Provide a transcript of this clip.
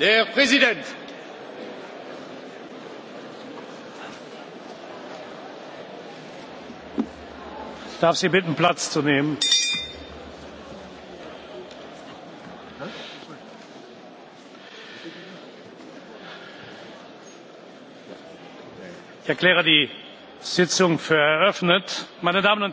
Der Präsident! Ich darf Sie bitten, Platz zu nehmen. Ich erkläre die Sitzung für eröffnet. Meine Damen und Herren!